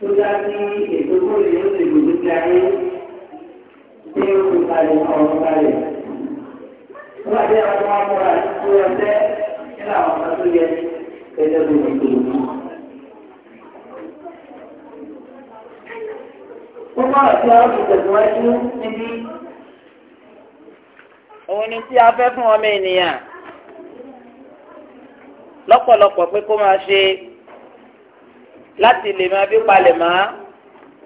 tó dá sí ètò kóòlì ó lè lòdì sí ayé tí ó kó kalẹ̀ ọ̀rọ̀ kalẹ̀. Nígbà tí àwọn ọmọ akọ́ra tó yọ sẹ́ nínú àwọn ọ̀sán tó yẹ ẹ̀jẹ̀ tó ti tò. Ó bọ̀rọ̀ tí a ó fi tẹ̀síwájú níbí. Òun ni tí a fẹ́ fún ọmọ ènìyàn lọ́pọ̀lọpọ̀ pé kó máa ṣe. láti lè máa bí palẹ̀ mọ́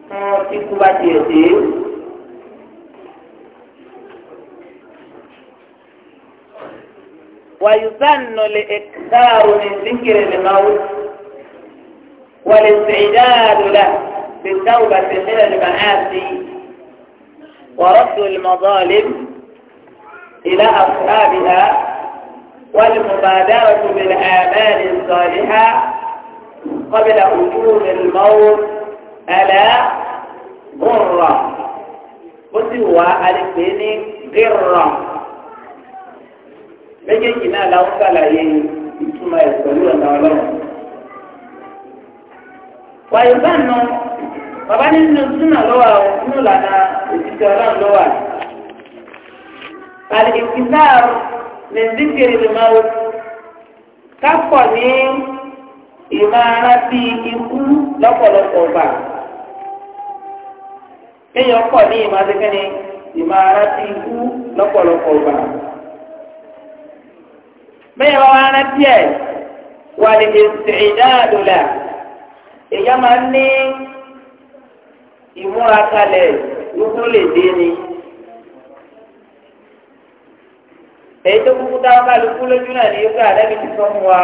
fún kíkú bá tiẹ̀ dé. ويسن لإكثار من ذكر الموت والاستعداد له بالتوبة من المعاصي ورد المظالم إلى أصحابها والمبادرة بالآمال الصالحة قبل وجود الموت ألا غرة وسوى الدين غرة méjèèjì náà la ń sàlàyé ìtumọ̀ ẹ̀ pẹ̀lú ọ̀nà ọlọ́run. wàyí báńnà bàbá nínú súnà lọ́wọ́ àwọn nínú ìlànà òṣìṣẹ́ ọlọ́run lọ́wọ́. àlèkìtà lè dìkìrì lè máa wò ká pọ̀ ní ìmára sí ikú lọ́pọ̀lọpọ̀ gbà. Kéèyàn pọ̀ ní ìmọ̀síkẹ́ni ìmára sí ikú lọ́pọ̀lọpọ̀ gbà. Bẹ́ẹ̀ bá wá rántí ẹ̀ wà lè ṣe ìdáàdùlà. Èyá máa ń ní ìmúra kalẹ̀ lókun lè dé ni. Èyí tó kúkú táwọn kálukú lójú náà ni yóò gbà lẹ́bi ti wa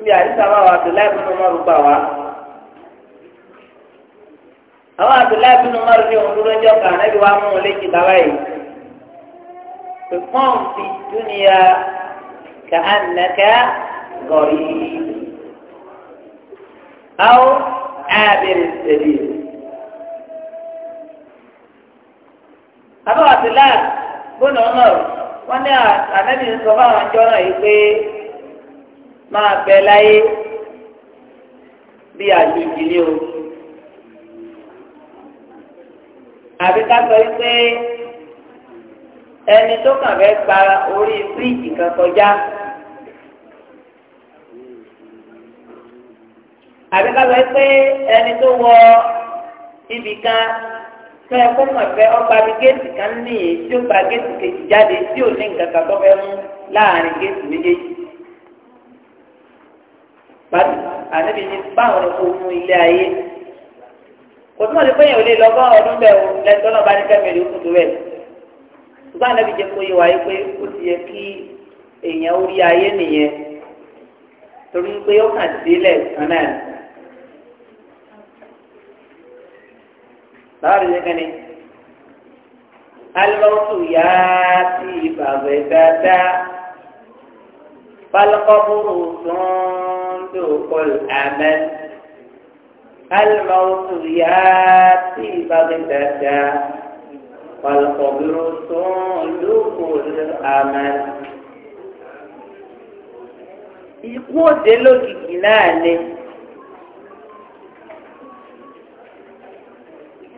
níbi àdìsá wa wà Abdullahi bin Umar gbà wá. àwọn Abdullahi bin Umar ní òun dúró jọ kàn ẹbí wa mú un léjì bàbá yìí. pẹ̀fọ́n fi dúnìyà kà á nàkà gọ̀rí. àwọn àbẹ̀rẹ̀ sẹ̀lẹ̀. àbọ̀ Abdullahi bin Umar wọ́n ní ànábì ń sọ fáwọn ọjọ́ náà yìí pé máa bẹ láyé bí àjòjì ni o àbí ká sọ pé ẹni tó kàn fẹ́ gba orí fíríjì kan kọjá àbí ká sọ pé ẹni tó wọ ibì kan tó yẹ kó mọ̀ fẹ́ ọgbà bí géètì kan nìyí tí ó gba géètì kejì jáde tí ò ní nǹkan kan tó fẹ́ mú láàrin géètì méjèèjì bàbí ànábì ní báwọn ẹ̀kọ́ mú ilé ayé kò tí wọ́n ti péye òde lọ́gọ́ ọdún bẹ́ẹ̀ o lẹ́tọ́ náà bá ní kẹ́mẹ́rì òkú tó rẹ̀ ṣùgbọ́n ànábì jẹ́ kó yé wáyé pé ó ti yẹ kí èèyàn ó rí ayé nìyẹn torí pé ó kàn sílẹ̀ kan náà báwo ni kẹ́ni yá sí ìbàwẹ̀ dáadáa balùwẹ̀ kọ́ bóró سوق الأمل الموت ياتي بغتة والقبر صندوق الأمل ikú òde lókìkí náà ni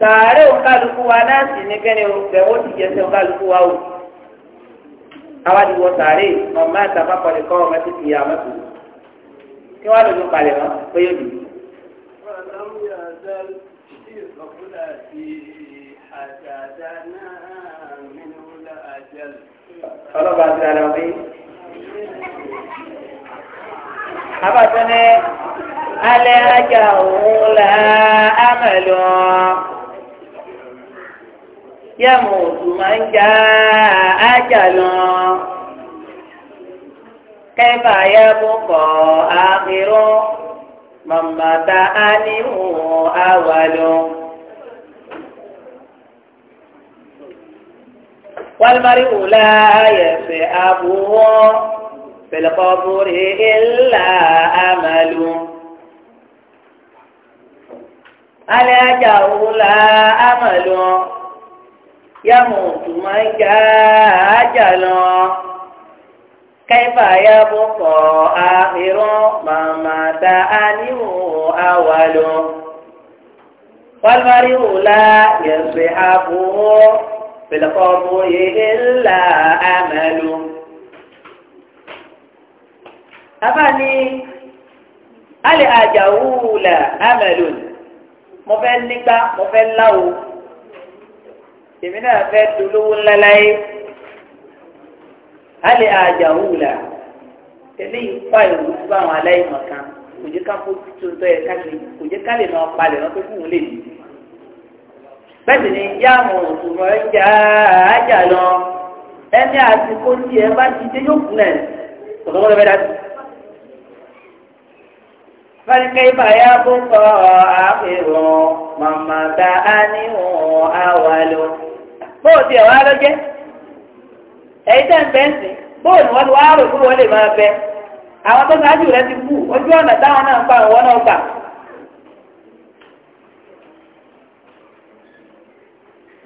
sàárè òǹkàlùkù wa náà sì ní kẹ́ni òǹfẹ́ ó ti jẹ́ sí òǹkàlùkù wa o àwa ti wọ sàárè ọ̀ma àtàbàpọ̀ nìkan ọ̀ma ti fi àmọ́ kí wọ́n lò ló palẹ̀ mọ́ pé yóò dùn. ọlọ́ba ti ara wí. abàtọ́ ni alẹ́ ajá òun là á mẹ́lọ́ yẹ́mu òtún máa ń كيف يبقى آخر من مات أنه أول والمرء لا يسأبه في القبر إلا أمل ألاجه لا أمل يموت من جاء أجله kẹ́fà yá bó kọ́ àhírọ́ màmá ta àníwò àwàlò. wàlúwárí wò lá yẹ̀sẹ̀ àbúrò pẹ̀lẹ́kọ́ bóyè ńlá àmàlò. abáni alẹ́ àjàwù là àmàlò mo fẹ́ nígbà mo fẹ́ láwo èmi náà fẹ́ dolówó ńlá láyé alẹ́ àjàwùlà eléyìí fa ìrù fún àwọn aláìmọ̀ kan kò jẹ́ ká fojú tó ń tọ́ yẹ ká ṣe kò jẹ́ ká lè máa palẹ̀ lọ́pẹ́ fún òun lè dì í bẹ́ẹ̀ ni yáàmù òṣùwọ̀n ẹja ajá lọ ẹni àsìkò tí ẹ bá ti dé yóò kú náà ọ̀dọ́mọ́ lọ́wọ́ dájú. Fáríkẹ́ ibà yá bó kọ́ àfihàn màmá bá a níwọ̀n àwàlọ́. Bóòdì ẹ̀wà ló jẹ́. ẹ̀yìn tẹ́ ń bẹ́ ń sìn bóòlù wọn ni wàá rò kúrò wọ́n lè máa àwọn tó ti kú ojú ọ̀nà táwọn náà ń pa àwọn náà gbà.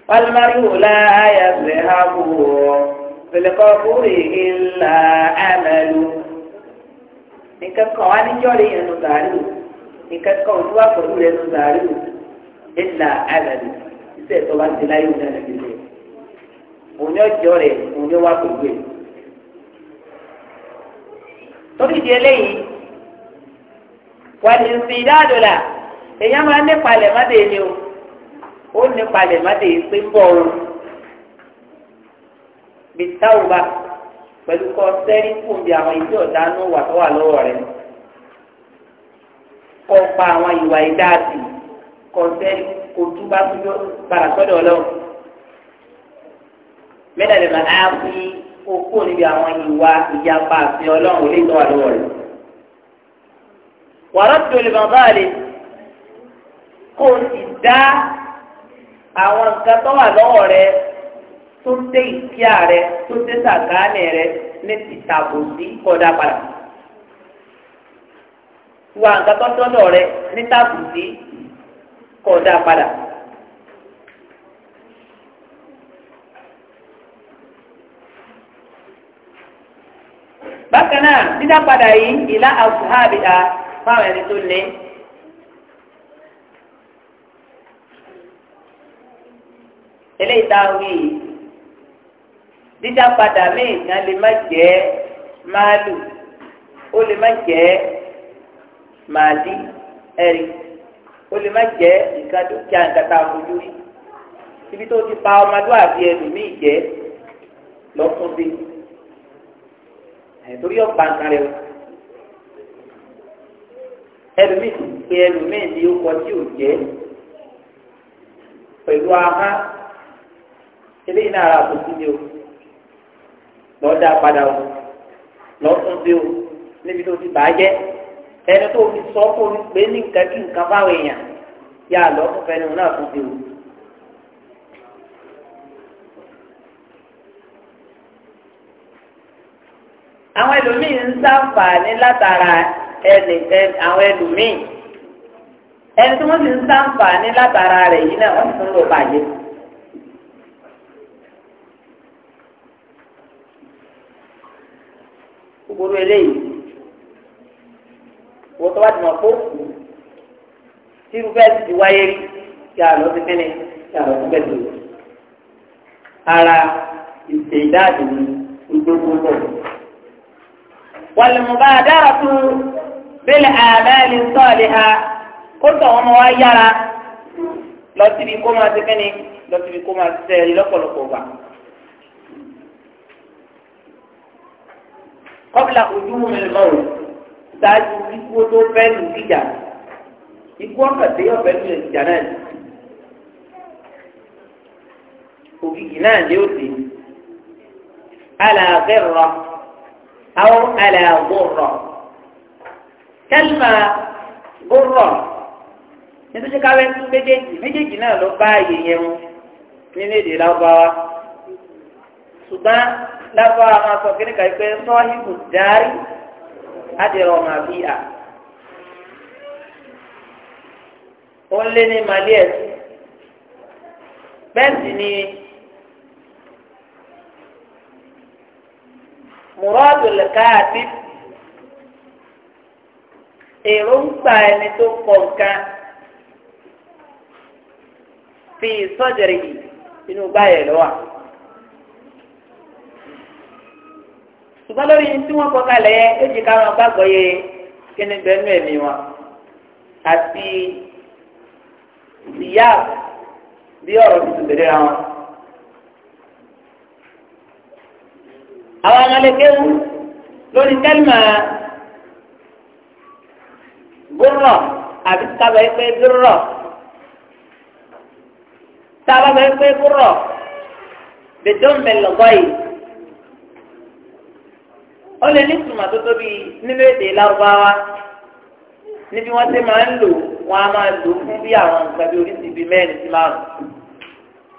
wàlúmárì wò láàyè kú pèlèkọ́ òní ọjọ́ rẹ̀ òní wà pẹ̀lú ẹ̀. torí di eléyìí wàlí nsìn dáadọ́là èèyàn máa nípalẹ̀ má dé ni o ó nípalẹ̀ má dé pé ń bọ̀ ọ́n bìtáwùbá pẹ̀lú kọ́ sẹ́rí fún bí àwọn ìdí ọ̀dá ní wà tó wà lọ́wọ́ rẹ̀ kọ́ pa àwọn ìwà ìdáàbì kọ́ sẹ́rí kò túbá tó yọ gbàrà sọ́dọ̀ mẹ́ta lè máa á fi okó níbi àwọn ìwà ìyapa àti ọlọ́run ò lè tọ́ àlọ́wọ́ rẹ̀. wàrà tó lè máa bá a lè kó o sì dá àwọn nǹkan tó wà lọ́wọ́ rẹ̀ tó dé ìkíà rẹ̀ tó dé sàkáánì rẹ̀ ní tìtàbù sí kọ́dá padà. wà nǹkan tó tọ́lọ̀ rẹ̀ ní tàbù sí padà. dídá padà yìí ìlà àbúhábìá fáwọn ẹni tó ní. eléyìí tá a wí dídá padà míì náà lè má jẹ́ máàlù ó lè má jẹ́ màálí ẹ̀rí ó lè má jẹ́ nǹkan dúkìá nǹkan tá a fojú rí ibi tó ti pa ọmọdé àbí ẹlòmíì jẹ́ lọ́kùnrin. torí ọ̀pá nǹkan rẹ o ẹlòmíì ti pe ẹlòmíì ní ọkọ tí ò jẹ́ pẹ̀lú ahá eléyìí náà ara sí ní o lọ́ọ́ padà o o níbi tó ti bàájẹ́ ẹni tó fi pé ní nǹkan kí nǹkan yà náà tún o. àwọn ẹlòmíì ń ṣàǹfààní látara ẹnì àwọn ẹlòmíì ẹni tí wọ́n sì ń ṣàǹfààní látara rẹ̀ yìí náà wọ́n sì ń lò bàjẹ́. gbogbo eléyìí wọ́n tó bá ti mọ̀ kó kù tí irú bẹ́ẹ̀ ti wáyé rí kí a lọ sí fẹ́ni kí a lọ sí bẹ́ẹ̀ tó ara ìṣèdáàbò ní gbogbo gbogbo wàlùmùbáadára tó bẹ́lẹ̀ àdáyẹlẹ sọ́ọ̀lì ha kó tọ̀ wọn wá yára lọ síbi kó máa ti kẹ́ni lọ síbi kó máa ti sẹ́ẹ̀rì lọ́pọ̀lọpọ̀ gbà. kọ́bìlà ojú mi lọ́rùn ṣáájú ikú tó fẹ́ lù síjà ikú ọ̀kàtẹ́ yóò fẹ́ lù síjà náà ògìgì náà lé òsì alàgbẹ̀rọ̀. أو على ضرة كلمة ضرة nítorí ṣe káwé méjèèjì méjèèjì náà ló bá ààyè yẹn nínú èdè lábáwá ṣùgbọ́n lábáwá máa sọ kíníkà pé sọ́ọ́hìbù dárí ádìrọ̀ ọ̀nà àbí ó lé ní bẹ́ẹ̀ sì ni. mùrọ́dù lẹ́kàtì èròǹgbà ẹni tó kọ nǹkan fi sọ́jẹ̀rì yìí inú báyẹ̀ lọ́wọ́. ṣùgbọ́n lórí tí wọ́n kọ kalẹ̀ yẹ kéjì káwọn gbàgbọ́ yẹ kíni bẹ́ẹ̀nu ẹ̀mí wọn àti ìyá bí ọ̀rọ̀ tuntun bẹ̀rẹ̀ wọn. àwọn alálẹ́kẹ́wù lórí kẹ́lìmà búrọ̀ àbí tábà yìí pé búrọ̀ tábà yìí pé búrọ̀ bẹ̀dọ́n bẹ̀lọ́gọ́ yìí ó lè ní ìtumọ̀ tó tóbi nínú èdè lárúbáwá níbi wọ́n ti máa ń lò wọ́n á máa lò fún bí àwọn nǹkan bí oríṣi bíi mẹ́rin sí márùn-ún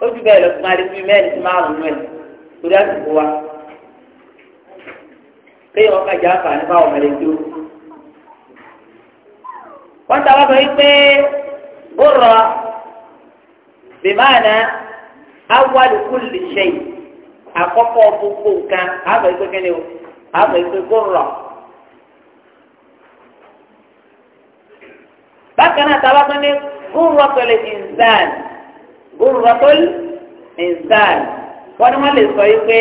ó ju bẹ́ẹ̀ lọ sí máa rí bíi mẹ́rin sí márùn-ún rẹ̀ lórí àsìkò wa téèyàn ọkàn jẹ àǹfààní fáwọn ọmọdé tó. wọ́n ta wọ́n sọ wípé ó rọ bìmáàná awwal kulli shay àkọ́kọ́ gbogbo nǹkan àbẹ̀ ìpè kẹ́ni o àbẹ̀ ìpè kó rọ. bákan náà ta wọ́n sọ ní gúrọ́tọ̀lì ìnzán gúrọ́tọ̀lì ìnzán wọ́n ní wọ́n lè sọ wípé.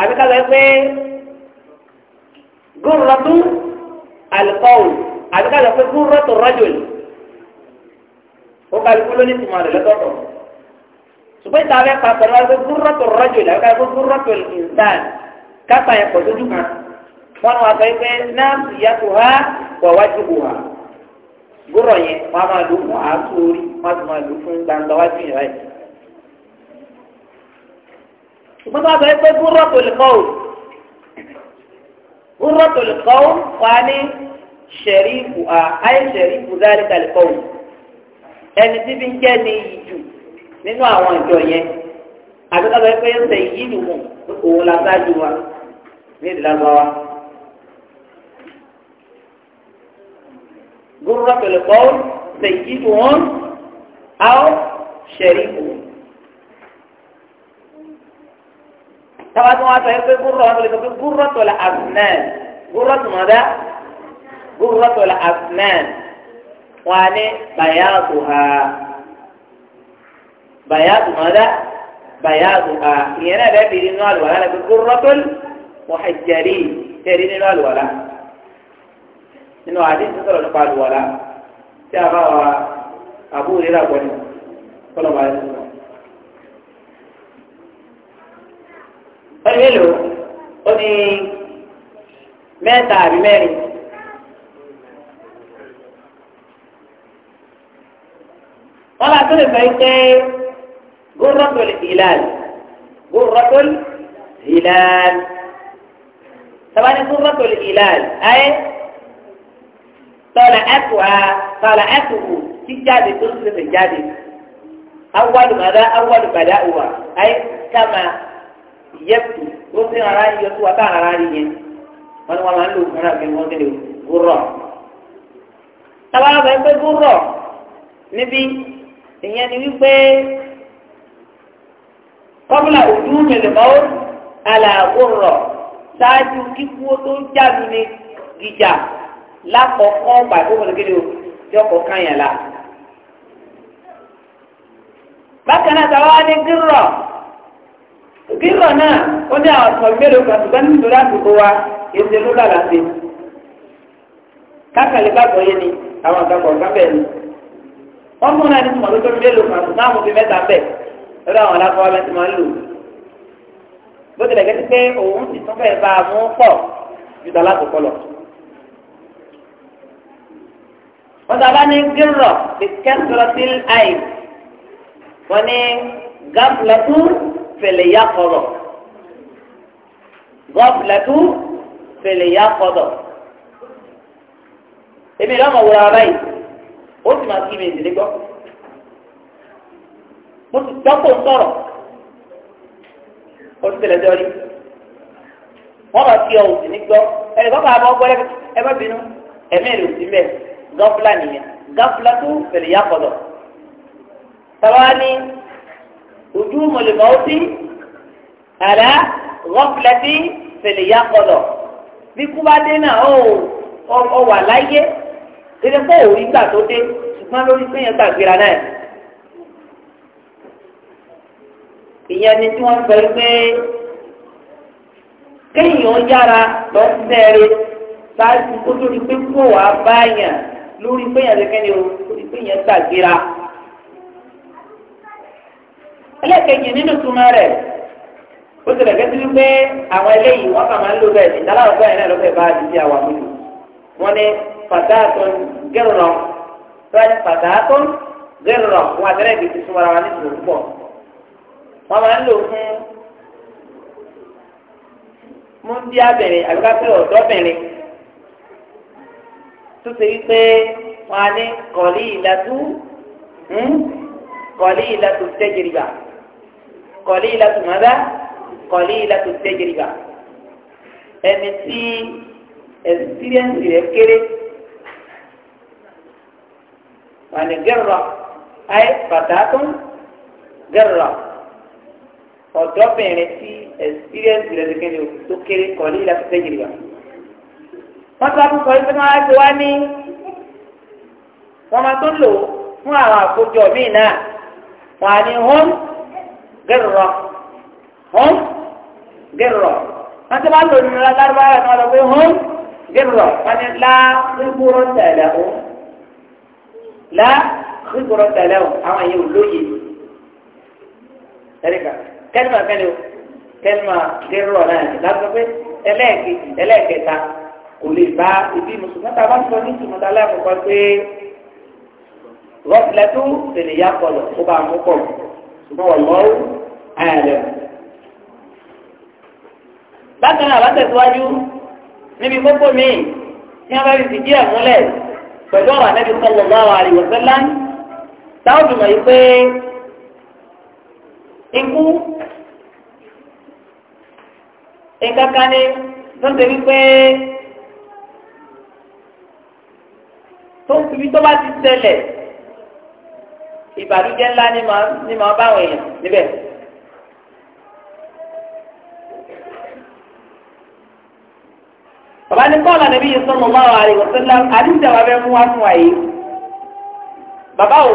àbí ká lọ pé gúrọ́tù alikọ́wù àbí ká lọ pé gúrọ́tù rọ́jòlì ó kálukú ló ní tìmọ̀ rẹ̀ lọ́tọ̀ọ̀tọ̀ ṣùgbọ́n ìta abẹ́ pàtó ló wá pé gúrọ́tù rọ́jòlì àbí ká lọ pé gúrọ́tù ìǹsán kápá yẹn pọ̀ lójú kan wọn wá sọ pé náàsì yàtò ha wà wájú bò ha gúrọ̀ yẹn wọn máa lò wọn á sórí wọn á sì máa lò fún gbangba wájú yẹn ṣùgbọ́n bá bẹ̀rẹ̀ pé gúrọ́tò lè kọ́ ò gúrọ́tò lè kọ́ ò wá ní ṣẹ̀rífù à áyé ṣẹ̀rífù dáríkà lè kọ́ ò ẹni tí bí ń jẹ́ ní iyì jù nínú àwọn ìjọ yẹn àti ká bẹ̀rẹ̀ pé ń sẹ ìyí nù mọ̀ òun la wa ní ìdílágbá wa. gúrọ́tò lè kọ́ nù wọn á ṣẹ̀rífù wọn. طبعا ما تعرف القرة ولا تقول قرة ولا أسنان قرة ماذا قرة ولا أسنان وعن بياضها بياض ماذا بياضها هي أنا لا بيرين ولا ولا لكن قرة المحجرين بيرين ولا ولا إنه عادي تصل ولا قال ولا جاء أبو ريلا قل قل ما يسمع mélòó ó ní mẹ́ta àbí mẹ́rin. wọ́n lọ tó lè fẹ́ pé gúrọ́tò ìlàl gúrọ́tò ìlàl tabani gúrọ́tò ìlàl ayé tọ́lá ẹ̀kú ha tọ́lá ẹ̀kú kù jíjáde tó ń sèse jáde awọ́dùmọ̀dá awọ́dùmọ̀dá òwà ayé kama yẹtu ó sì rárá yọ tó wa tá rárá rí yẹn wọn ni wọn máa ń lò fúnra bí wọn kéde gúrọ. tábàlà bẹ pé gúrọ níbi ìyẹn ni wípé kọ́bùlà òdú mẹlẹ̀mọ́ àlàgúrọ̀ ṣáájú kíkú tó jáde ní gíjà lákọ̀ọ́kọ́ pàtó wọn kéde yọkọ̀ kányà bákan náà táwa ní gúrọ̀ kílọ̀ náà ó ní àwọn ọ̀sán mélòó kan ṣùgbọ́n nítorí àsìkò wa èsè ló là láti kákàlẹ́ gbàgbọ́ yé ni àwọn àgbàgbọ́ kan bẹ́ẹ̀ ni wọ́n fún náà ní tùmọ̀ lójó mélòó kan ṣùgbọ́n àwọn òbí mẹ́ta bẹ́ẹ̀ lọ́dọ̀ àwọn aláfọwọ́ bẹ́ẹ̀ ti máa ń lò bó tilẹ̀ gẹ́gẹ́ pé òun ti tún fẹ́ẹ́ bá a mú pọ̀ ju tàlásìkò lọ. wọ́n sábà ní gírọ̀ bí kẹ́sìrọ̀tì àì fèlè yá kọ̀dọ̀ gọ́fìlẹ́tù fèlè yá kọ̀dọ̀ èmi lọ́mọ wúra báyìí ó sì máa kí mi ìdílé gbọ́ mo sì gbọ́ kó sọ̀rọ̀ ó sì tẹ̀lé dọ́rí wọ́n bá fi ọ̀hún sí ní gbọ́ ẹ̀rọ kọ́ bá bọ́ bínú ẹ̀mí ẹ̀rọ sí mẹ́ gọ́fìlà nìyẹn gọ́fìlẹ́tù fèlè yá kọ̀dọ̀ tàwa ojú mọlẹmọtì àlá rọpìlẹtì fèlèyà kọlọ bí kúbádé náà ó ó wà láyé tẹlẹ pé òun ìgbà tó dé ṣùgbọ́n lórí pé yẹn gbàgbéra náà ìyẹn ni tí wọ́n sọ pé kéèyàn yára lọ sẹ́ẹ̀rẹ́ ṣáájú kó tó di pé kó wàá báyàn lórí pé yẹn lẹ́kẹ́ni o lórí pé yẹn gbàgbéra ẹlẹ́kẹ̀jì nínú túmọ̀ rẹ̀ ó ti rẹ̀gẹ́ sínú pé àwọn eléyìí wọ́n kà máa ń lò bẹ́ẹ̀ ní dáláwọ̀ bẹ́ẹ̀ náà ló fẹ́ bá àdìsí àwọn àmúlò wọ́n ní fàdáàtọ̀ gẹ́rọ̀ fẹ́ẹ́ fàdáàtọ̀ gẹ́rọ̀ wọn àtẹ́rẹ́ ìdí tuntun ara ní ìlú púpọ̀ wọ́n máa ń lò fún múndíábìnrin àbíkápẹ́ ọ̀dọ́bìnrin tó ṣe wípé wọ́n á ní kọ̀ọ̀lì ìlàtú hmm, kọ̀ọ̀lì ìlàtú tẹ́jìrìbà qalilatu madha qalilatu tajriba ẹni tí ẹsipiriẹnsi rẹ̀ kéré wani gẹrọ ayé pàtàkùn gẹrọ ọ̀dọ́bìnrin tí ẹsipiriẹnsi rẹ̀ kéré tó kéré qalilatu tajriba wọ́n sábà kọ́ ẹgbẹ́ wọn á ti wá ní wọ́n máa tó lò fún àwọn àkójọ míì náà wọ́n á home gẹ̀rọ̀ hàn gẹ̀rọ̀ wọ́n ti máa ń lò ní ládàrúbá rẹ̀ náà lọ pé hàn gẹ̀rọ̀ wọ́n ni lá rígbóró tẹ̀lẹ̀ o lá rígbóró tẹ̀lẹ̀ o àwọn yìí ò lóye ẹ̀ríkà kẹ́lìmà kẹ́lì o kẹ́lìmà gẹ̀rọ̀ náà ni láti sọ pé ẹlẹ́ẹ̀kejì ẹlẹ́ẹ̀kẹta kò lè bá ibi mùsùlùmí tá a bá sọ ní ìtumọ̀tà lẹ́ẹ̀kọ̀kọ́ pé rọ́pìlẹ́tù tẹ̀lé yá kọlọ̀ kó bá a mú pọ̀ ṣùgbọ́n wọ́n lọ́wọ́ àyàlẹ́. bákan náà látẹ̀síwájú níbi kókó míì tí wọ́n bá fi fìdí ẹ̀ múlẹ̀ pẹ̀lú ọ̀rọ̀ Ànábì sallallahu alaihi wasallam táwọn dùnmọ̀ yìí pé ikú nǹkankan ni tó ń tẹ̀lé pé tó ń fi tó bá ti ṣẹlẹ̀ ìbànújẹ́ ńlá ni màá ni màá bá àwọn èèyàn níbẹ̀. bàbá ní kọ́ọ̀lá nàbí yìí sọ́nù máa wà àríwọ̀ sọ́lá àdìsẹ́ wa bẹ́ẹ̀ mú wá fún wa yìí. bàbá ò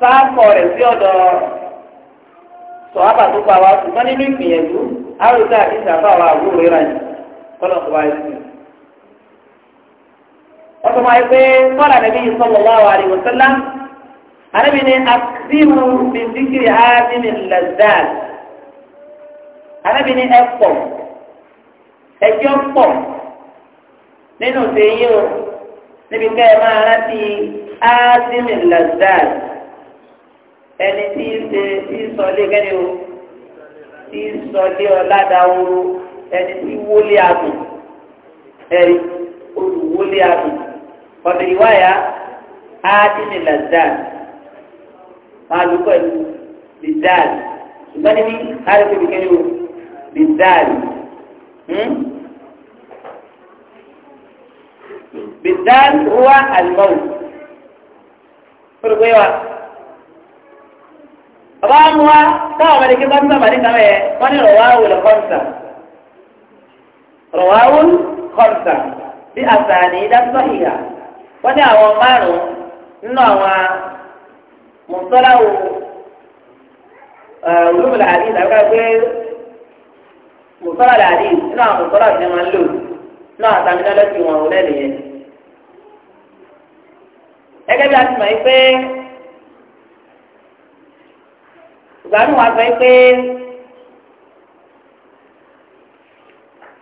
sáàkọ̀ rẹ̀ sí ọ̀dọ̀ sọ̀hábà tó pa wá ṣùgbọ́n nínú ìgbìyànjú àròsọ àdìsẹ́ àbá wa àbúrò rẹ̀ ràn yìí kọ́lọ̀ tó wáyé sí i wọ́n tún máa ń pé kọ́lá nàbí yìí sọ́nù máa wà àríwọ̀ sọ́lá Ànábì ní akíru bìbíkiri ádìmí lẹ́dàd. Ànábì ní ẹ̀pọ̀ ẹjọ́ pọ̀ nínú sèyí o níbi ká ẹ máa rántí ádìmí lẹ́dàd. Ẹni tí í ṣe tí í sọ lé kẹ́ni o tí í sọ lé ọ̀làdàwòrò ẹni tí wọlé àgùn ẹ̀rí olùwọlé àgùn ọ̀dọ̀ ìwáyà ádìmí lẹ́dàd máa lò pẹ̀lú bidáàlì ṣùgbọ́n níbi láti fi kékeré o bidáàlì hmm? bidáàlì wá àlùmọ́ọ̀lù fúrúgbé wa bàbá mu wa táwọn ọmọdé kí wọ́n sábà ní kàwé yẹ wọ́n ní rọ̀wáwò lè kọ́ńtà rọ̀wáwò kọ́ńtà bí àtàní dá sọ́hìyà wọ́n ní àwọn márùn nínú àwọn mọ̀tọ́lá wo olóòmù làdí ìdàgbà pé mọ̀tọ́lá làdí nínú àwọn mọ̀tọ́lá ti máa ń lò nínú àwọn tàmínálọ́sì wọn ò lẹ́nu yẹn. gẹ́gẹ́ bí a ti mọ̀ yí pé ìgbàanú wa sọ yí pé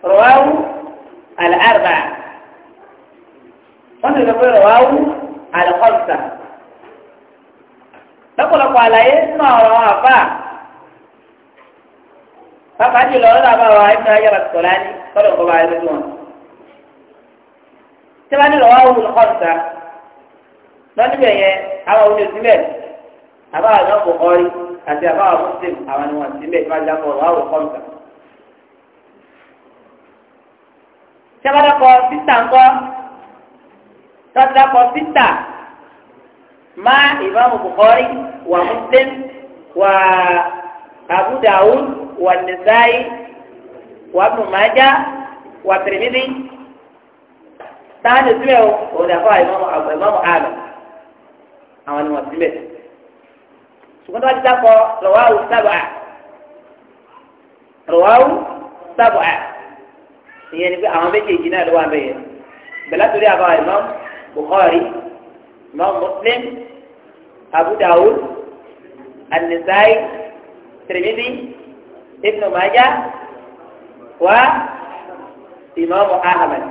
rọ̀wáwú àlẹ́ àrùbà wọ́n ti sọ pé rọ̀wáwú àlẹ́ kọ́ńtà lọ́pọ̀lọpọ̀ àlàyé nínú ọ̀rọ̀ àfà pàápàá jùlọ lọ́dọ̀ àbá wa ẹ̀ka yàrá sọ̀lá ní kọ́dọ̀ kọ́ bá yẹ lójú wọn. tí wọ́n ní lọ́wọ́ wù lọ́kọ́ nǹkan lọ́níbẹ̀ yẹn àwọn olè síbẹ̀ àbá wa náà kò kọ́rí àti àbá wa muslim àwọn ni wọ́n síbẹ̀ tí wọ́n já kọ́ lọ́wọ́ kọ́ nǹkan. tí wọ́n dákọ̀ sísà ńkọ́ tọ́jú dákọ̀ sísà مع إمام البخاري ومسلم وأبو داود والنسائي وابن ماجه والترمذي táwọn ẹsẹ o ò dà fún àìmọ́ àìmọ́ àmì àwọn ni wọ́n ti bẹ̀. ṣùgbọ́n tó bá ti dákọ̀ rọ̀wáwù sábà rọ̀wáwù sábà ìyẹn ni pé àwọn méjèèjì náà ló wà bẹ̀yẹn bẹ̀lá torí àbá àìmọ́ Bukhari imam muslim abu dawud an-nisai tirmidhi ibnu majah wa imam ahmad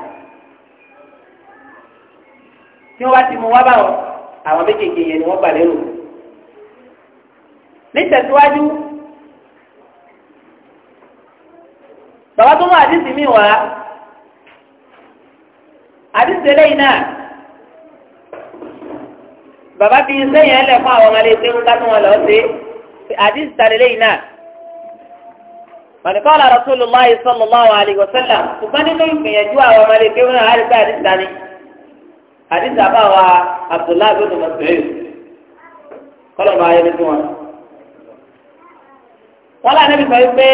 tí wọn bá ti mú wá báwọn àwọn méjèèjì yẹn ni wọn gbà lérò nítẹ̀síwájú bàbá tó mú àdìsí mi wá àdìsí eléyìí náà bàbá fi iṣẹ́ yẹn lẹ̀ fún àwọn ọmọlẹ́ ṣé wúkà tí wọ́n lọ sí àdìsí tàlélẹ́ yìí náà. mọ̀nìkọ́lá Rasulullahi sallallahu alaihi wasallam ṣùgbọ́n nínú ìgbìyànjú àwọn ọmọlẹ́ ṣé wọ́n á rí pé àdìsí tani àdìsí àbáwa Abdullahi bin Mas'ud kọ́lọ̀ bá yẹ nínú wọn. wọ́n lànà bí sọ pé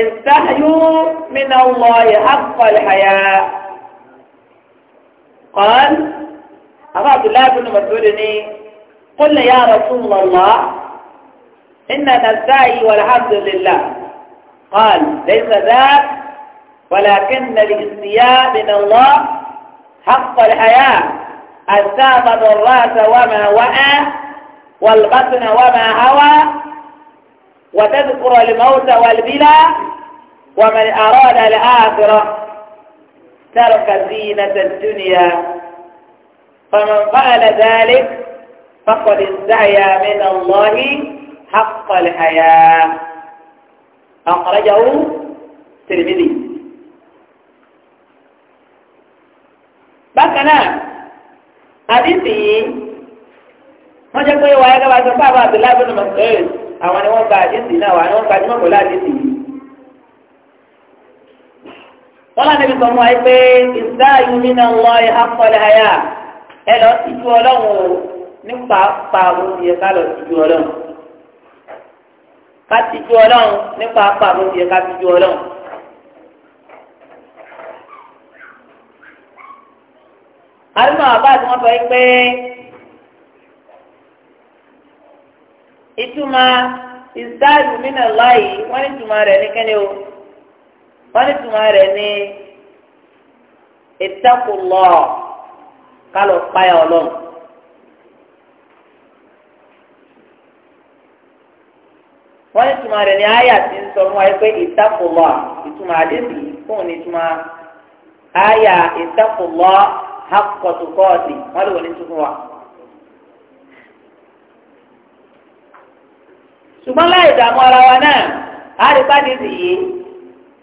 ìsáyú أبا عبد الله بن مسعود قل يا رسول الله إن نسائي والحمد لله قال ليس ذاك ولكن الاستياء من الله حق الحياة الثامن الرأس وما وأى والبطن وما هوى وتذكر الموت والبلا ومن أراد الآخرة ترك زينة الدنيا فمن فعل ذلك فقد استحيا من الله حق الحياة أخرجه الترمذي بكنا حديثي wọ́n jẹ́ pé wà á gbà sọ fáwọn abdullahi bin mas'ud àwọn ni wọ́n gba àdìsí náà wà ni wọ́n gbajúmọ̀ pẹ̀lú àdìsí yìí. wọ́n lànà ibi sọ fún wa pé ìsáyùmí náà wọ́n ẹ̀ hàkọ́lẹ̀ àyà ẹ lọ sí ju ọlọ́run o nípa pa àwọn òbíyẹ ká lọ sí ju ọlọ́run ká sí ju ọlọ́run nípa pa àwọn òbíyẹ ká sí ju ọlọ́run. àdúgbò àbá tí wọ́n sọ yìí pé ìtumọ̀ ìsáàdù mínà láàyè wọ́n ní ìtumọ̀ rẹ̀ ní kẹ́ni o wọ́n ní ìtumọ̀ rẹ̀ ní ìtẹ́kùlọ́ọ̀. kálọ̀ páyà ọlọ́run. wọ́n ní ìtumọ̀ rẹ̀ ní àyà tí sọ fún wa pé ìtàkùlọ̀ ìtumọ̀ àdébì fóun ní ìtumọ̀ àyà ìtàkùlọ̀ hakọ̀tùkọ́ọ̀tì wọ́n lè wọ́n ní wa. ṣùgbọ́n láì dààmú ara wa náà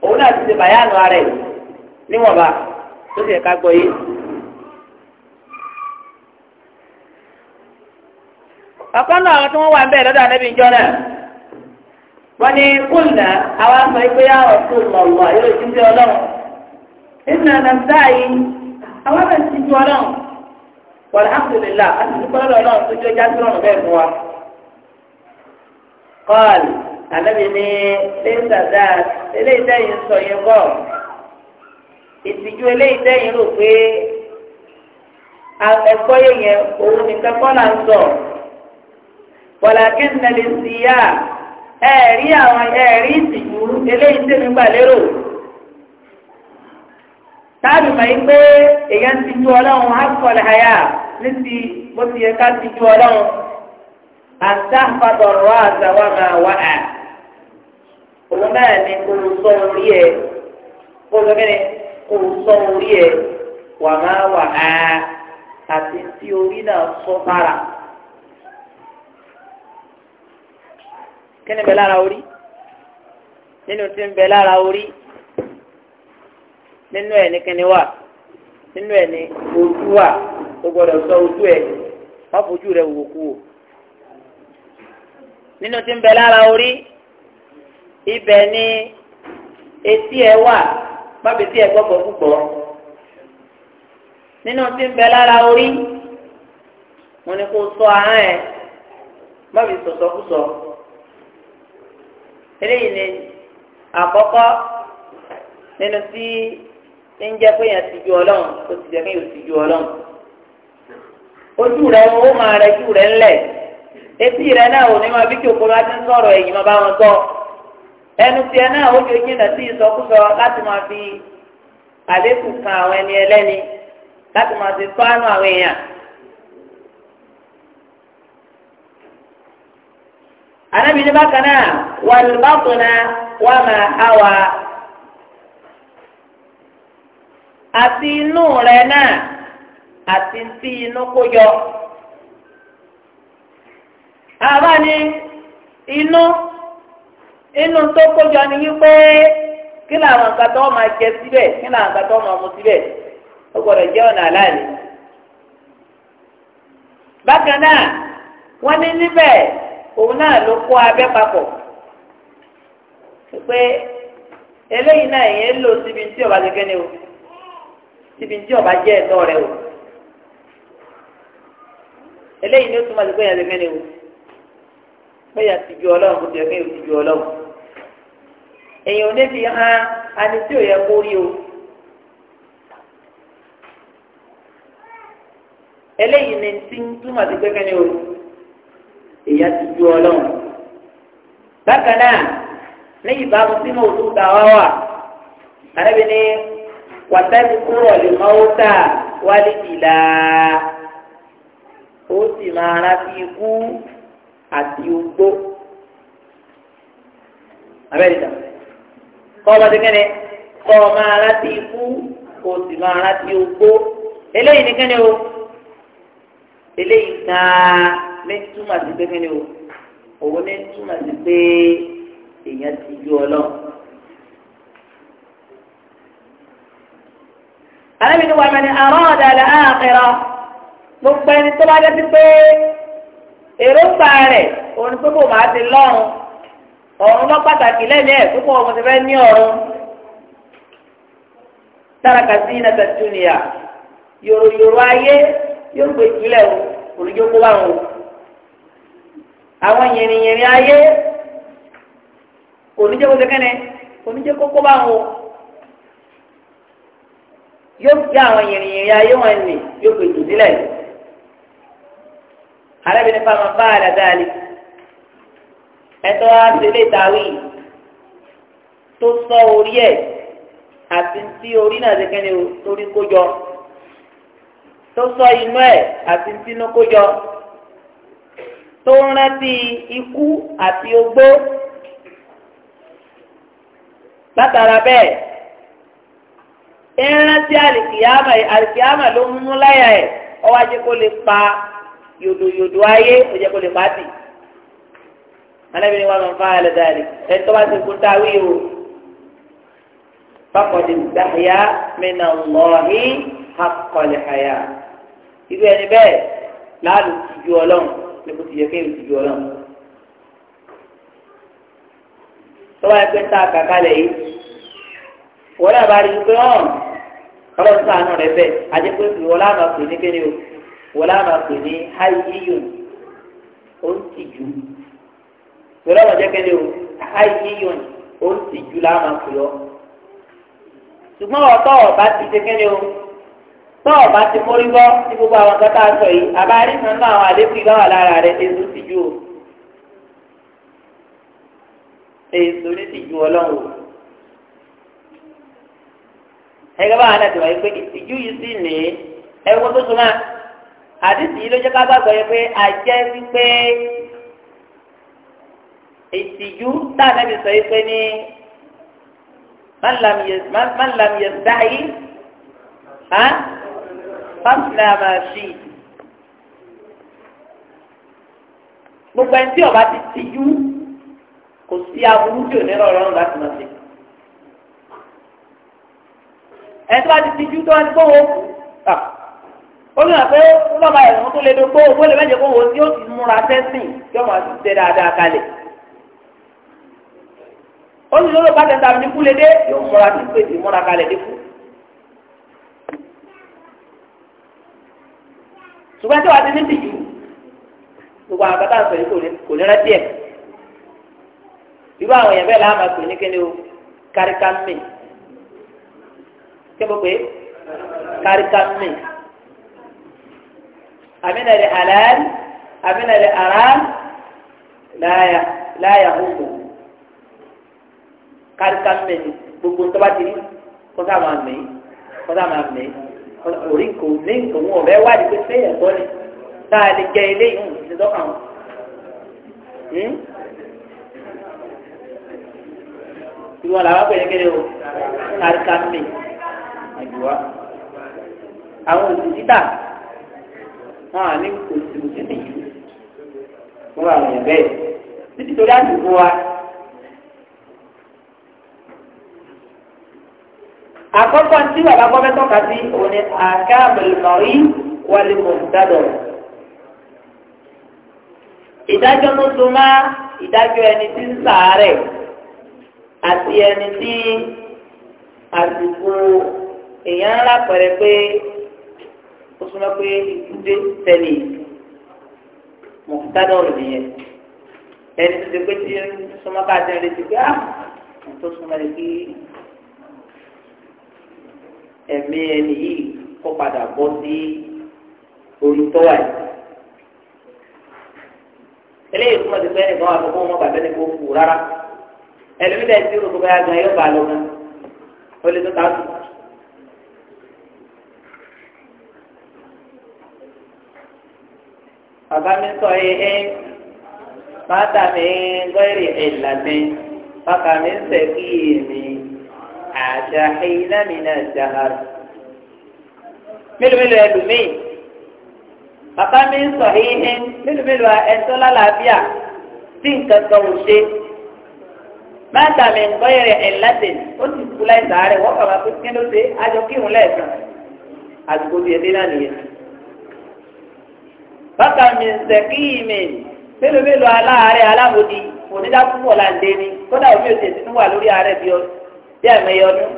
òun náà ti ṣe ọ̀kan náà àwọn tí wọ́n wà ń bẹ̀ lọ́dọ̀ ànábì náà wọ́n ní kúlùnà àwọn àmọ ìpè yà ọ̀tún lọ́wọ́ yóò ti ń bẹ ọlọ́run nínú ànàmdá yìí àwọn àmọ ti alhamdulilá àti tó fún wa. eléyìí sọ yẹn ìtìjú eléyìí rò pé wàlákìn nàlẹ́ sí yá ẹ̀rí àwọn ẹ̀rí ìsìnkú eléyìí tẹ̀mí gbà lérò táàbì máa ń pé èèyàn ti ju ọlọ́run akọ̀lẹ̀ àyà ní ti bó ti yẹ ká ti ju ọlọ́run àtàkùnfàdọ̀rọ̀ wa àtàwọn máa wà á òun náà ni olùsọ orí ẹ olùsọkẹ́ni olùsọ orí ẹ wà máa wà á àti tí orí náà sọ fara. So kí ni bẹ lára orí nínú tí ń bẹ lára orí nínú ẹ̀ ní kíni wà nínú ẹ̀ ní ojú wà o gbọ́dọ̀ sọ ojú ẹ̀ wọ́n fojú rẹ̀ wò kú o nínú tí ń bẹ lára orí ibẹ̀ ní etí ẹ̀ wà bábi tí ẹ̀ gbọ́kọ̀ púpọ̀ nínú tí ń bẹ lára orí mo ní kó sọ ahọ́n ẹ̀ bábi sọ̀sọ́kùsọ̀. So, so, so. eléyìí ni àkọ́kọ́ nínú tí ń jẹ́ pé yẹn ti ju ọlọ́run tó ti jẹ́ pé yóò ti ju ọlọ́run ojú rẹ ó máa rẹ ju rẹ ńlẹ̀ etí rẹ náà ò ní máa bí kí á ti ń sọ̀rọ̀ ẹ̀yìn máa bá wọn sọ ẹnu tiẹ̀ náà ó ojú ìsọkúsọ láti máa fi àlékún kan àwọn ẹni ẹlẹ́ni láti máa anabi ní bákan náà wàlúbàtúnà wà máa hàwà àti inú rẹ náà àti tí inú kó yọ. àbá ni inú inú tó kó yọ ni wípé kí làwọn nǹkan tó máa jẹ síbẹ̀ kí làwọn nǹkan tó máa mu síbẹ̀ ó gbọ́dọ̀ jẹ́ ọ̀nà àlàyé. bákan náà wọ́n ní níbẹ̀. òun náà ló kó abẹ́ papọ̀ pé eléyìí náà èèyàn lò síbi tí ọba ti kẹ́ni o síbi tí ọba jẹ́ ẹ̀tọ́ rẹ o eléyìí ni ó túmọ̀ sí pé èèyàn ti kẹ́ni o pé èèyàn ti ju ọlọ́run kò ya pé ti ju ọlọ́run èèyàn ò ní fi hàn ani tí ò yẹ kó o. eléyìí ni ti túmọ̀ sí pé kẹ́ni o. èèyàn ti ju ọlọ́run. bákan náà ní ìbámu sí mo tún ta wá wà àrẹ́bí ni wàtẹ́sí kúrò lè mọ ó tà wálé ìlà ó sì máa rántí ikú àti ugbó. abẹ́rẹ́ ìjà kọ́ ọmọdé kẹ́ni kọ́ ọ máa rántí ikú kó sì máa rántí ugbó. eléyìí ni kẹ́ni o eléyìí gan ní túmọ̀ sí pé kíni o òun ní túmọ̀ sí pé èèyàn ti ju ọ lọ. alábìnrin wa mẹni àrùn ọ̀dàlẹ̀ àkẹrọ gbogbo ẹni tó bá dé sí pé èròǹgbà rẹ̀ òun tó kò máa ti lọ́rùn ọ̀run lọ pàtàkì lẹ́yìn ẹ̀ púpọ̀ ọmọ ti fẹ́ ní ọ̀run tàràkà sí iná tàtúnìyà yòròyòrò ayé yóò gbé jùlẹ̀ o òun yóò kó bá wọn o àwọn yìnyínyìnyín ayé oníjẹ́ kó sẹ́kẹ́nẹ́ oníjẹ́ kókó bá wọn yóò fi àwọn yìnyínyìnyín ayé wọn nì yóò fi tù sílẹ̀ arábìnrin fama bá àdàdàlì ẹ̀tọ́ àtẹlẹ tàwí tó sọ orí ẹ̀ àti tí orí náà sẹ́kẹ́nẹ́ torí kójọ tó sọ inú ẹ̀ àti tí inú kójọ tó ń rántí ikú àti ogbó látara bẹ́ẹ̀ ń rántí àlìkìyàmà àlìkìyàmà ló ń mú láyà ẹ̀ ọwọ́ ajé kó lè pa yòdòyòdò ayé kó jẹ́ kó lè pa tì alẹ́bìnrin wa máa ń fa alẹ́ dáadé ẹni tó bá ti kú dáwé o fakọ̀dé gbàyà mẹ́nà lọ́ọ̀hí akọ̀lẹ̀ àyà irú ẹni bẹ́ẹ̀ láàlú ti ju ọlọ́run ṣe kó ti yẹ kéèyàn ti ju ọlọ́run. tọ́wọ́ ẹgbẹ́ tá a kà kalẹ̀ yìí wọ́n náà bá rí i pé ọ̀n ọlọ́run sàánú rẹ̀ bẹ́ẹ̀ àti pé wọ́n láàmà pè ní kéde o wọ́n láàmà pè ní háyíyùn ó ń tì jù tọ́lá wọn jẹ́ kéde o háyíyùn ó ń tì jù láàmà pè ọ́ ṣùgbọ́n ọ̀tọ̀ ọ̀bá ti ṣe kéde o tọ́ọ̀ bá ti mórí bọ́ ní gbogbo àwọn nǹkan tá a sọ yìí àbárí kan náà àwọn àlékún yìí bá wà lára rẹ̀ èso sì ju o èso ní sì ju ọlọ́run o. ẹgbẹ́ báwa náà ti wáyé pé ìtìjú yìí sì ní ẹ̀wọ́ tó súnmọ́ àdìsí yìí ló jẹ́ ká gbàgbọ́ yẹ pé àjẹ́ wípé ìtìjú táwọn ẹbí sọ yìí pé ní man lam yasda'i ha fásilẹ̀ àmàṣì gbogbo ẹni tí ọba ti tijú kò sí aburú tí ò ní rọrùn láti máa ṣe ẹni tó bá ti tijú tó wá ní kóhó kà olú náà pé lọ́ba ẹ̀rọ tó lè do kóhó kó lè mẹ́jẹ kóhó tí ó ti múra sẹ́sìn yóò máa ti tẹ dáadáa kalẹ̀ olú ló ló bá tẹ̀ tàbí ní kúlédé yóò múra sí pèsè múra kalẹ̀ dé ṣùgbọ́n tí wàá ti ní tìjú gbogbo àwọn bàbá àṣọ yìí kò ní rántí ẹ̀ irú àwọn èèyàn bẹ́ẹ̀ láàmà pè ní kíni o káríkámì kí mo pè é káríkámì àmìnà rẹ̀ àlàyé àmìnà rẹ̀ àrán láyà láyà hókò káríkámì gbogbo tó bá ti rí kó sáà máa mì kó sáà máa mì orí kò ní nǹkan wọn ọ̀rẹ́ wá dípé pé ẹ̀kọ́ ni tá a lè jẹ ilé ìhùn ti dọ́kà wọn. ìwọ làwọn pẹ̀lú kéde o àríkàtì àjùwá àwọn òṣìṣítà wọn à ní òṣìṣítà yìí wọn bá wọn yẹn bẹ́ẹ̀ títí torí àdúgbò wa. àkọ́kọ́ tí bàbá gbọ́mẹ́ tọ́ka sí òun ni àkàbùlùmọ̀rí wàlúmọ̀dádọ̀ ìdájọ́ tó so má ìdájọ́ ẹni tí ń sàárẹ̀ àti ẹni tí àsìkò èèyàn ńlá pẹ̀rẹ̀ pé ó súnmọ́ pé ìdúdé tẹ̀lé mọ̀dádọ̀ nìyẹn ẹni tó ti pé tí ah, súnmọ́ káàdé rẹ̀ ti gbé àwọn tó súnmọ́ rẹ̀ kí ẹ̀mí ẹni yìí kó padà bọ́ sí orí tọ́wà yìí. eléyìí fún ọtí pé ẹnìkan wà fún fún wọn bàbá ẹni kó kú rárá ẹlòmí dẹ̀ tí rògbò bá gan yóò bá lọ gan ó lè tó ta sùn. bàbá mi sọ yìí ẹ bàtà mi gbẹ́rì ẹ̀ làmì bàtà mi sẹ́kì yìí mi àṣà ìlà mìíràn ṣàhàr. mélòó mélòó ẹlòmíì bàbá mi ń sọ ìhìn mélòó mélòó ẹ̀tọ́ lálàáfíà tí nǹkan kan ò ṣe máta mi ń gbọ́yẹ̀ rẹ̀ ẹ̀láṣẹ̀ ó sì kú láìsà rẹ̀ wọ́n kàwá pé kí ló ṣe ajọ kírun lẹ́ẹ̀kan àsìkò tiẹ̀ dé náà nìyẹn. bàtà mi ń sẹ̀ kí mi mélòó mélòó aláàárẹ̀ alábòdì onídàkúnpọ̀ là kódà omi ò tẹ̀sí lórí ààrẹ bí ọdún bí àmẹyẹ ọdún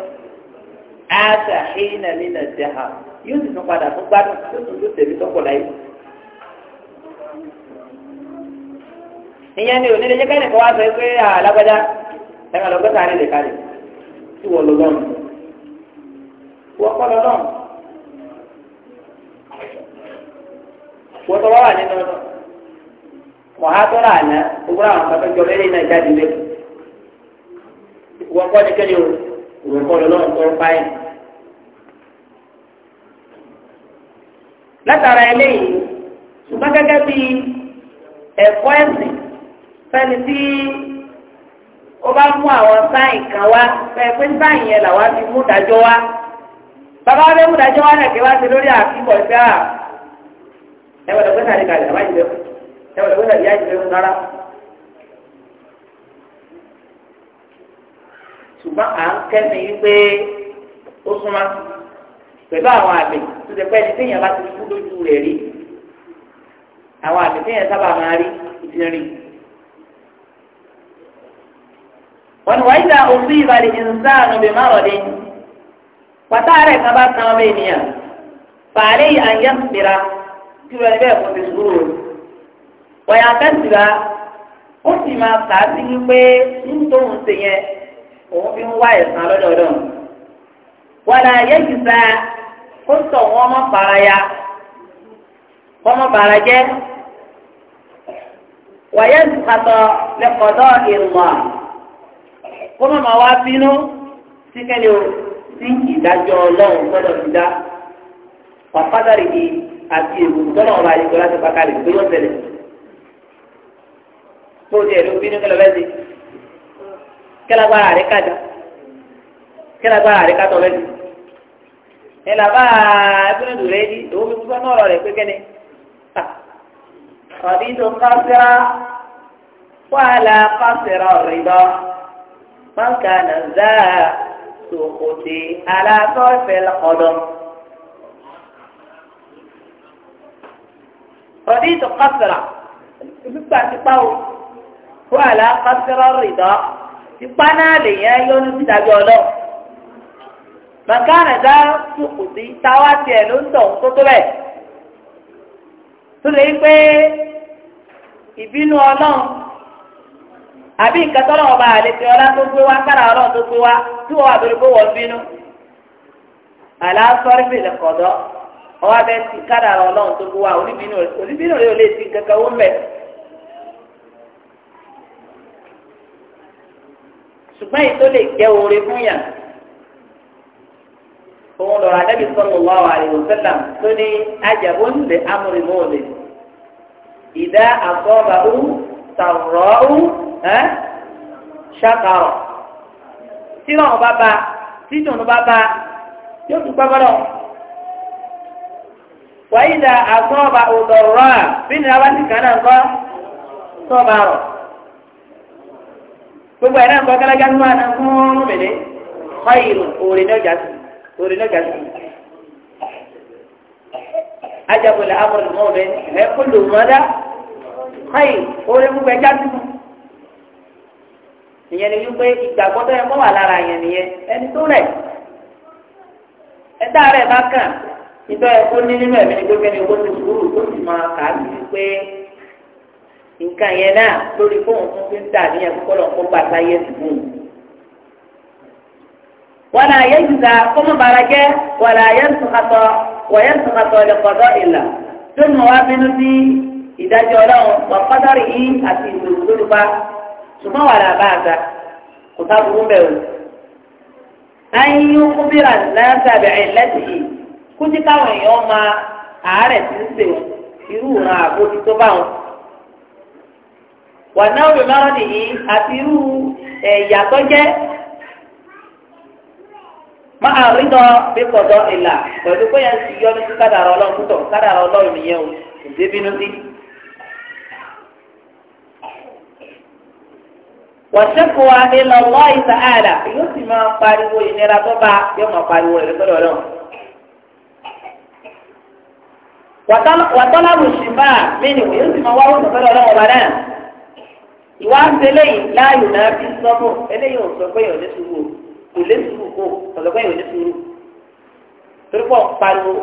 àtà hìnà nínà dẹ́hà yóò sì tún padà fún gbádùn tó tún tó tẹ̀lé tọ́pọ̀ láyé. ìyẹn ni òní lè jẹ́ kẹ́ni kó wá sọ pé àlágbájá ẹ̀ka lọ́gbẹ́ sáré lè kalẹ̀ tí wọ́n lọ lọ́nù wọ́n kọ́ lọ lọ́nù wọ́n tọ́ wá wà nínú mọ̀hátọ́rà àná gbogbo àwọn akọ́tọ́jọ́ mẹ́rin náà jáde lẹ́kọ̀ọ́ ìwọ kọ́ ni kéde o ìwọ kọ́ lọ lọ́run tó ń pa ẹ̀. látara eléyìí ṣùgbọ́n gẹ́gẹ́ bí ẹ̀kọ́ ẹ̀sìn fẹ́ni tí ó bá mú àwọn sáìn kan wá fẹ́ pé sáìn yẹn làwọn ti mú dájọ́ wá bàbá wa bẹ mú dájọ́ wá nàkẹ́ wá sí lórí àfihàn ìfẹ́ à ẹ̀wọ̀n lọ́gbẹ́sà ni kàlẹ́ àbájú bẹ́ẹ̀ ẹ̀wọ̀n lọ́gbẹ́sà ni yájú bẹ́ẹ̀ rárá. ṣùgbọ́n à ń kẹ́mi wípé ó súnmọ́ pẹ̀lú àwọn àmì tó ti pẹ́ ẹni téèyàn bá ti kú lójú rẹ̀ rí àwọn àmì téèyàn sábà máa rí ti rí. wọ́n ní wáyé ta òsì ìbàdí ìsáàánú bíi márùndín pàtà rẹ̀ kan bá tán ọmọ ènìyàn fàálẹ́ yìí àyè kí wọ́n bẹ́ẹ̀ kó ti sùúrù wọ́n yà fẹ́ sira ó sì máa kà á sí wípé nítorí òun ṣe yẹn. òun fi ń wá ẹ̀sán lọ́dọọdọ wàlá yẹ́kìsá kó sọ wọn mọ́ fara ya kọ́ mọ́ fara jẹ́ wàyẹ̀ nkatọ̀ lẹ́kọ̀dọ̀ ìlọ kó mọ́ ma wá bínú síkẹ́lẹ́ o sí ìdájọ́ ọlọ́run gbọ́dọ̀ ti dá pàpàdàrí yìí àti èwù tọ́lọ̀ ọba àyíkọ́ láti pàkàlẹ̀ pé yóò tẹ̀lé tó o ti ẹ̀rọ bínú kẹlẹ́ bẹ́ẹ̀ kílágbára rẹ kájọ kílágbára rẹ kátọ lẹnu ẹ làbá ẹgbẹ́ dùn rẹ di èwo mi gbọ́ náà rẹ pé kẹ́ni ọ̀dí tó kásíra wàhálà kásíra rìbọ mọ̀nkà nàzá sòkòtì alákọ̀ọ́fẹ́ lọ́kọ̀dọ̀. ọ̀dí tó kásíra ìfipá ti pa o wàhálà kásíra rìbọ ipá náà lèyàn yọnu sí ìdájọ́ ọlọ́run màkàrà dá tukù sí táwa tiẹ̀ ló ń tọ̀ tó tó bẹ̀ tó lè pé ìbínú ọlọ́run àbí nǹkan tọ́lọ́ ọba àlejò ọlá tó gbé wá kára ọlọ́run tó gbé wá tí wọ́n wà lórí pé bínú àlàáfọ́rí bèlè kọ̀dọ́ ọwọ́ abẹ́ ti kára ọlọ́run tó gbé wá oníbínú rẹ̀ oníbínú rẹ̀ ò lè ti kankan wọ́n mẹ́rin. ṣùgbọ́n èyí tó lè jẹ́ oore fún yàn òun lọ́rọ̀ anábì sallallahu alaihi wasallam tó ní ajabun li amri mu'min idha asabahu sarra'u ṣàkàrọ̀ tí lọ́wọ́ bá ba tí dùnú bá ba yóò tún gbọ́ bọ́dọ̀ wa idha asabahu darra bí nira bá ti kàn náà kọ́ sọ́ọ̀bà rọ̀ gbogbo ẹ̀ náà kọ́kẹ́lẹ́ jáde máa ná fún mẹ́lẹ́ fáyìlù òòrè náà jásí òòrè náà jásí. ajabolẹ̀ amọ̀lù mọ́ ọ̀bẹ ẹ̀ kó lò wọ́n dá fáyìlù òòrè gbogbo ẹ̀ jásí fún. ìyẹn ni wípé ìgbàgbọ́ tó yẹ wà lára yẹn nìyẹn ẹni tó rẹ̀ ẹ̀dá rẹ̀ bá kàn ìtọ́ ẹ̀kọ́ ní nínú ẹ̀mí ni gbogbo ẹni owó ti sùúrù tó sì máa kà á sí pé nǹkan yẹn náà lórí fóun fún fi ń tà níyàn kó lọ kó gbàtà yẹ dùgbò wàlà ayélujára kọ́mọ bàrà jẹ́ wàlà ayélujára wàyẹ̀sùn ìlà tó mọ̀ wá bínú sí ìdájọ́ ọlọ́run pátárì yìí àti ìlú ṣùgbọ́n wàrà kò tá burú bẹ́ẹ̀ o. náà lẹ́sìn yìí káwọn èèyàn máa àárẹ̀ ń irú wà náà lè má rán nìyí àti irú ẹ̀yà tó jẹ́ máa rí lọ bí kọ̀dọ̀ ìlà pẹ̀lú pé yẹn ti yọnu sí kádàrá ọlọ́run tó tọ̀ kádàrá ọlọ́run nìyẹn o kò dé bínú sí. wọ̀ṣẹ́kù wa ní lọ wọ́ ìta àdà yóò sì máa pariwo ìnira tó bá yóò máa pariwo rẹ̀ lọ́dọ̀ ọlọ́run. wàtọ́lá wùsùn bá mí ni yóò sì máa wá wùsùn lọ́dọ̀ ọlọ́run náà ìwà ń ṣe eléyìí láàyò náà fi sọ́mọ̀ eléyìí ò sọ pé yóò lé sùúrù kò lé sùúrù kò sọ pé yóò lé sùúrù torí pọ̀ pariwo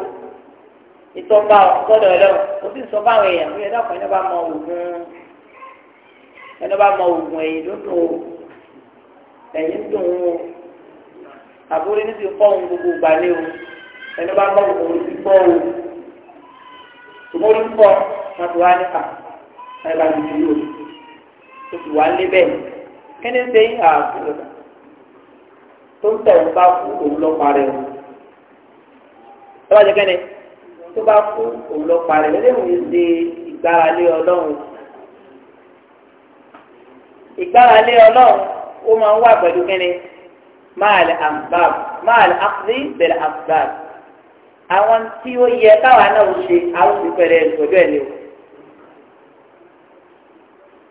ìtọ́ba ọ̀sọ́dọ̀ ẹ̀rọ o sì sọ fáwọn èèyàn pé ẹ̀dá kan ẹni bá mọ òògùn ẹni bá mọ òògùn ẹ̀yìn ló dùn o ẹ̀yìn dùn o àbúrò ní ti kọ́ ohun gbogbo gbà ní o ẹni bá mọ òògùn orí gbọ́ o ṣùgbọ́n orí gbọ́ tó fi lé bẹ́ẹ̀ kí ni ṣe ààbò tó ń tẹ̀ ń bá fún òun lọ parẹ́ o tó bá jẹ́ kẹ́ni tó bá fún òun lọ parẹ́ lẹ́yìn òun ṣe ìgbára lé ọlọ́run ìgbára lé ọlọ́run ó máa ń wà pẹ̀lú kẹ́ni máa lè àbáb máa lè àkùrí bẹ̀rẹ̀ àbáb àwọn tí ó yẹ káwa náà ṣe àwọn òṣìṣẹ́ rẹ̀ ẹ̀ ni o.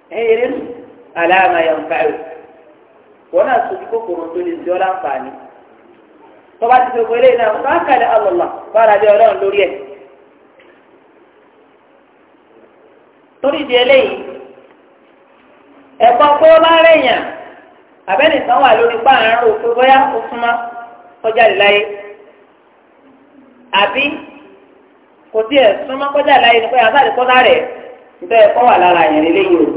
ẹ̀yẹrẹ nù yẹn fà wọn náà sojú kòkòrò tó lè di ọlá nfààní ti gbogbo eléyìí náà bá kàlẹ́ alọ́lá bára bí ọlọ́run lórí ẹ̀ torí di eléyìí ẹ̀kọ́ pé ó bá rẹ̀yàn abẹ́ni kan wà lórí páàrin òfin bóyá kọjá láyé àbí kò kọjá láyé ni pé o.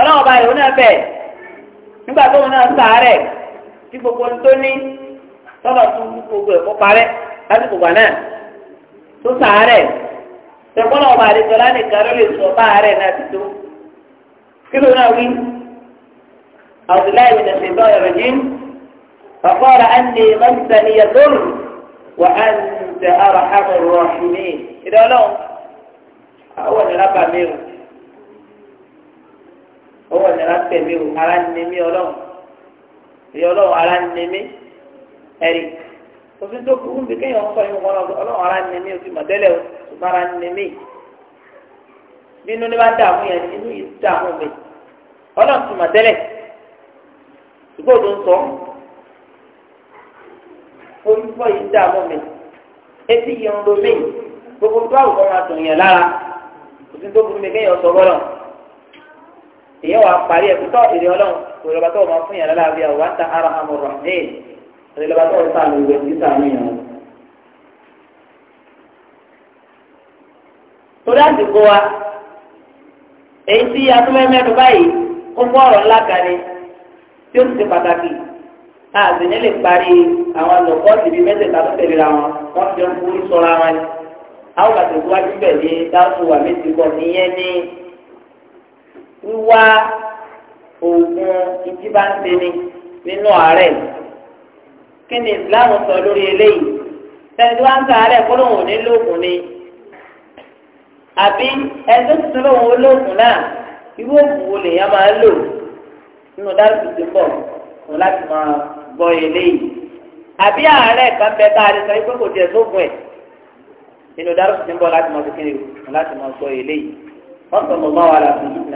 ọlọ́wọ́ báyìí òun náà bẹ̀ nígbà tóun náà sàárẹ̀ tí gbogbo ń tó ní tọ́lọ̀ tún gbogbo ẹ̀kọ́ parẹ́ láti gbogbo náà tó sàárẹ̀ tẹ̀kọ́lọ̀ ọba àdìsọ́lá nìkan ló lè sọ bá náà ti tó kí ló náà wí. أعوذ بالله من الشيطان الرجيم فقال أني مسني الضر وأنت أرحم الراحمين إذا لو أول لبا ميرو ọwọ́ ìnira tẹ̀mí o ara ń nimi ọlọ́run ìyá ọlọ́run ara ń nimi ẹ̀rí òfin tó kú níbi kéèyàn ń kọ́ yín wọn ọlọ́run ara ń nimi o ti mọ̀ tẹ́lẹ̀ o ṣùgbọ́n ara ń nimi bínú ní bá dààmú yẹn inú yìí dààmú mi ọlọ́run ti mọ̀ ṣùgbọ́n òdo ń sọ orúkọ yìí dààmú mi etí yìí ń lo mí gbogbo tó àwùjọ máa dùn yẹn lára òfin tó kú níbi kéèyàn sọ bọ́lọ̀ èyí wà parí ẹ̀ kútọ́ èrè ọlọ́run òrìlọ́ba tó máa fún yàrá láàbí àwọn wàtá ara àmọ̀ rahman òrìlọ́ba tó sá ló wẹ̀ títà nìyẹn. torí àsìkò wa èyí tí atúmẹ́mẹ́nu báyìí ó fún ọ̀rọ̀ ńlá kan ni tí ó sì ṣe pàtàkì àti ní lè parí àwọn lọ́kọ́ọ̀tì bíi mẹ́tẹ̀ẹ̀ta tó tẹ̀lé ra wọn wọ́n ti jọ ń sọ́ra wọn àwọn àtẹ̀síwájú bẹ̀ wíwá oògùn ìdí bá ń ṣeni nínú àárẹ̀ kí ni Islam sọ lórí eléyìí tẹ̀sí wá ń sọ àárẹ̀ kó lóun ò ní lóògùn ni àbí ẹni tó tuntun lóun ó lóògùn náà irú oògùn wo lèèyàn máa lò nínú dáàbò tó pọ̀ wọn láti máa gbọ́ eléyìí àbí àárẹ̀ kan bẹ tá a lè sọ pé kò tiẹ̀ sóògùn ẹ̀ nínú dáàbò tó ń bọ̀ láti máa fi kiri láti máa gbọ́ eléyìí wọ́n sọ mọ́ máa wà láti